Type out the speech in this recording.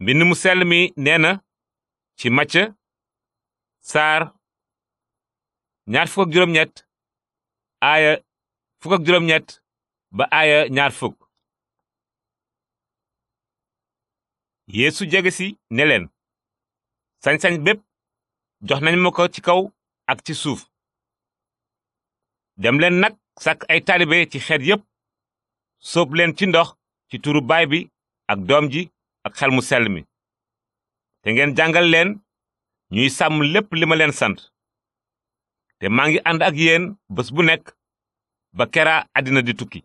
mbind mu sell mi nee na ci macc saar ñaar fukk ak juróom-ñett aaya ba aaya ñaar fukk yeesu jege si ne leen sañ bépp jox nañ ma ko ci kaw ak ci suuf dem leen nag sàkk ay taalibe ci xeet yépp sóob ci ndox ci turu baay bi ak doom ji ak xel mu sell mi te ngeen jàngal leen ñuy sàmm lépp li ma leen sant te maa ngi ànd ak yéen bés bu nekk ba kera àddina di tukki